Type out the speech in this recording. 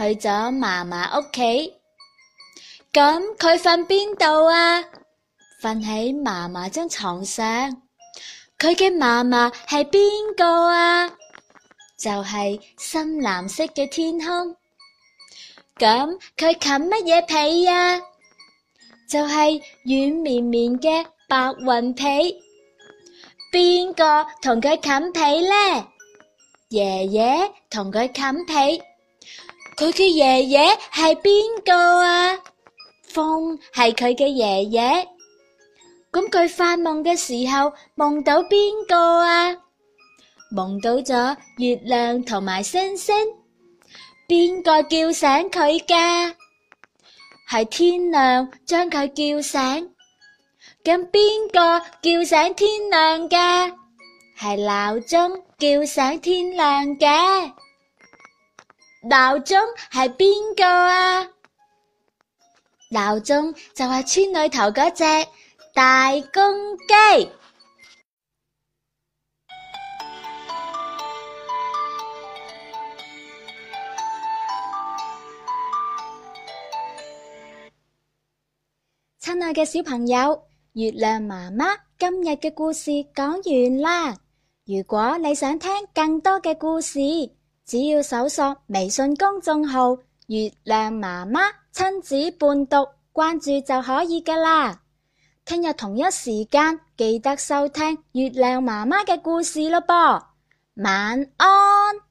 去咗嫲嫲屋企，咁佢瞓邊度啊？瞓喺嫲嫲張床上。佢嘅嫲嫲係邊個啊？就係深藍色嘅天空。咁佢冚乜嘢被啊？就係軟綿綿嘅白雲被。邊個同佢冚被咧？爺爺同佢冚被。佢嘅爺爺係邊個啊？風係佢嘅爺爺。咁佢發夢嘅時候夢到邊個啊？夢到咗月亮同埋星星。邊個叫醒佢噶？係天亮將佢叫醒。咁邊個叫醒天亮噶？係鬧鐘叫醒天亮嘅。鬧鐘係邊個啊？鬧鐘就係村裏頭嗰隻大公雞。親愛嘅小朋友，月亮媽媽，今日嘅故事講完啦。如果你想聽更多嘅故事，只要搜索微信公眾號《月亮媽媽親子伴讀》，關注就可以㗎啦。聽日同一時間記得收聽月亮媽媽嘅故事咯，噃。晚安。